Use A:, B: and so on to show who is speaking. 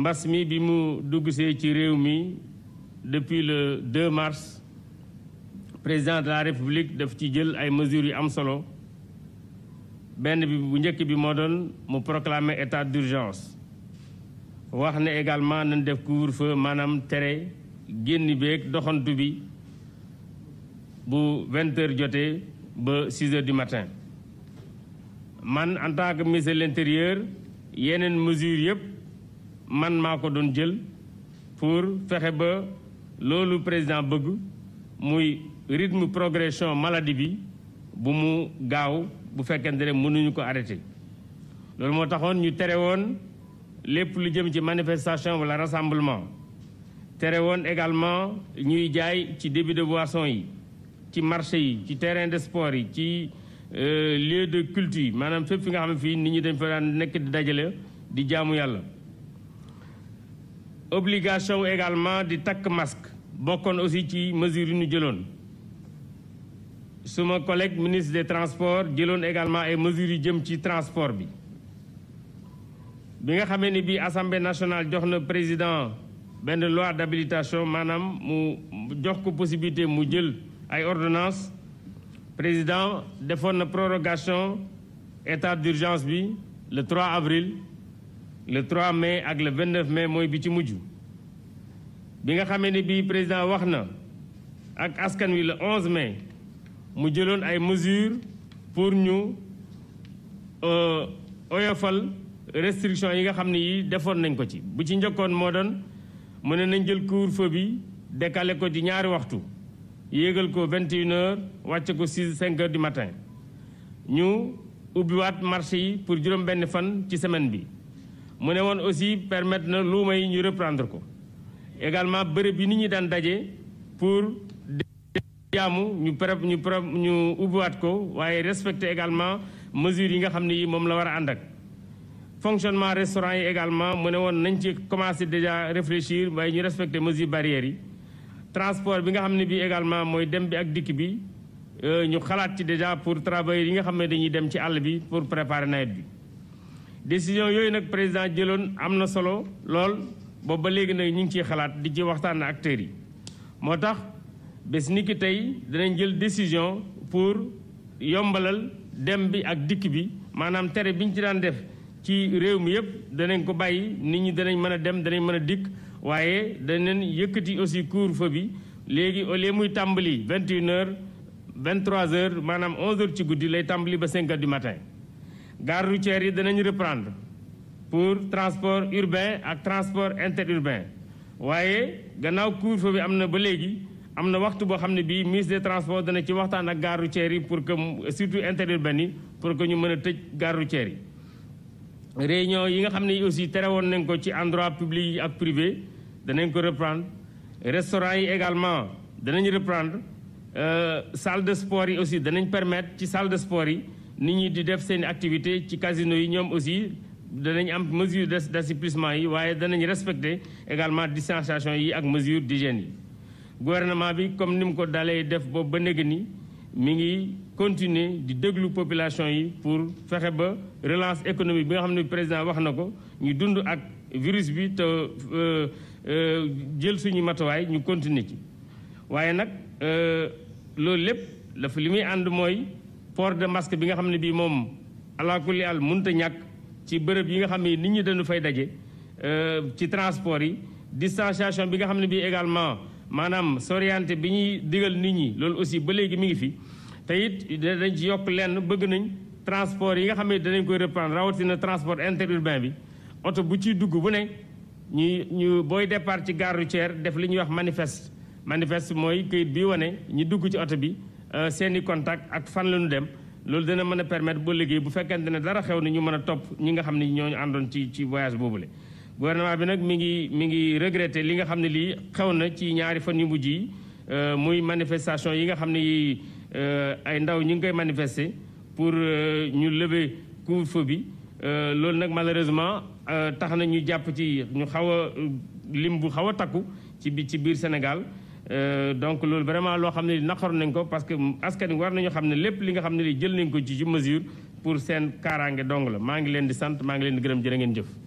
A: mbas mi bi mu duggsee ci réew mi depuis le 2 mars président de la république daf ci jël ay mesures yu am solo benn bi bu njëkk bi moo doon mu proclamer état d'urgence wax ne également nañ def couvre fa maanaam tere génn beeg doxantu bi bu vingt heures jotee ba six heures du matin man en tant que ministre de l'intérieur yeneen mesures yëpp man maa ko doon jël pour fexe ba loolu président bëgg muy rythme progression maladie bi bu mu gaaw bu fekkente ne mënuñu ko arrêté loolu moo taxoon ñu tere woon lépp lu jëm ci manifestation wala rassemblement tere woon également ñuy jaay ci débit de boisson yi ci marché yi ci terrain de sport yi ci euh, lieu de culture maanaam fépp fi nga xam ne fii nit ñi dañ fa daan nekk di dajale di jaamu yàlla obligation également di takk masque bokkoon aussi ci mesure yi ñu jëloon suma collègue ministre des transport jëloon également ay mesures yu jëm ci transport bi bi nga xamee ni bii assemblée nationale jox na président benn loi d'habilitation maanaam mu jox ko possibilité mu jël ay ordonnance président defoon na prorogation état d'urgence bi le 3 avril le 3 mai ak le 29 mai mooy bi ci mujj bi nga xamee ne bii président wax na ak askan wi le 11 mai mu jëloon ay mesures pour ñu euh, oyofal restriction yi nga xam ne yi defoon nañ ko ci bu ci njëkkoon moo doon mu ne nañ jël couvre-feu bi décaler ko ci ñaari waxtu yéegal ko 21 heures wàcce ko 6 5 heures du matin ñu ubbiwaat marché yi pour juróom benn fan ci semaine bi mu ne woon aussi permettre na luuma yi ñu reprendre ko également bërëb yi nit ñi daan daje pour jaamu ñu prép ñu prép ñu ubbiwaat ko waaye respecter également mesures yi nga xam ne yi moom la war a ànd ak fonctionnement restaurant yi également mu ne woon nañ ci commencé déjà réfléchir waaye ñu respecter mesures barrières yi transport bi nga xam ne bi également mooy dem bi ak dikk bi euh, ñu xalaat ci déjà pour travailleurs yi nga xam ne dañuy dem ci àll bi pour préparer nawet bi décision yooyu nag président jëloon am na solo lool boobu ba léegi nag ñu ngi ciy xalaat di ci waxtaan ak acteurs yi moo tax bés ni ki tey danañ jël décision pour yombalal dem bi ak dikk bi maanaam tere bi ñu ci daan def ci réew mi yëpp danañ ko bàyyi nit ñi danañ mën a dem danañ mën a dikk waaye danañ yëkkati aussi couvre-feu bi léegi au lieu muy tàmbali vingt et une heures vingt trois heures maanaam onze heures ci guddi lay tàmbali ba cinq heures du gares routières yi danañu reprendre pour transport urbain ak transport inter interurbain waaye gannaaw couvre-feu bi am na ba léegi am na waxtu boo xam ne bii ministre des transports dana ci waxtaan ak gares routières yi pour que surtout interurbain yi pour que ñu mën a tëj gares routières yi. réunion yi nga xam ne aussi tere woon nañ ko ci endroit public yi ak privé danañ ko reprendre restaurant yi également danañ reprendre euh, salle de sport yi aussi danañ permettre ci salle de sport yi. nit ñi di def seen activité ci casino yi ñoom aussi danañ am mesure d'assouplissement yi waaye danañ respecter également distanciation yi ak mesure d'hygiène yi gouvernement bi comme ni mu ko dalee def boobu ba néeg ni mi ngi continuer di déglu population yi pour fexe ba relance économie bi nga xam ne président wax na ko ñu dund ak virus bi te euh, euh, jël suñu matuwaay ñu continuer ci waaye nag euh, loolu lépp dafa li muy ànd mooy port de masque bi nga xam ne bii moom ala kulli al munta ñàkk ci bërëb yi nga xam ne nit ñi dañu fay daje euh, ci transport yi distanciation bi nga xam ne bii également maanaam soriante bi ñuy digal nit ñi loolu aussi ba léegi mi ngi fi te it dañ ci yokk lenn bëgg nañ transport yi nga xam ne danañ koy reprendre rawatina transport interurbain bi oto bu ciy dugg bu ne ñu ñu booy départ ci gare routière def li ñuy wax manifeste manifeste mooy këyit bi wane ñi dugg ci oto bi Euh, seen i contact ak fan lañu dem loolu dina mën a permettre ba liggéey bu fekkente ne dara xew na ñu mën a topp ñi nga xam ne ñooñu àndoon ci ci voyage boobule. gouvernement bi nag mi ngi mi ngi regretter li nga xam ne lii xew na ci ñaari fan yu mujj yi euh, muy manifestation yi nga xam ne yi euh, ay ndaw ñu ngi koy manifester pour ñu lever couvre-feu bi loolu nag malheureusement tax na ñu jàpp ci ñu xaw a lim bu xaw a takku ci bi ci biir Sénégal. Euh, donc loolu vraiment loo xam ne li naqar nañ ko parce que askan war nañu xam ne lépp li nga xam ne li jël nañ ko ci ci mesure pour seen kaaraange dong la maa ngi leen di sant maa ngi leen di gërëm jërë ngeen jëf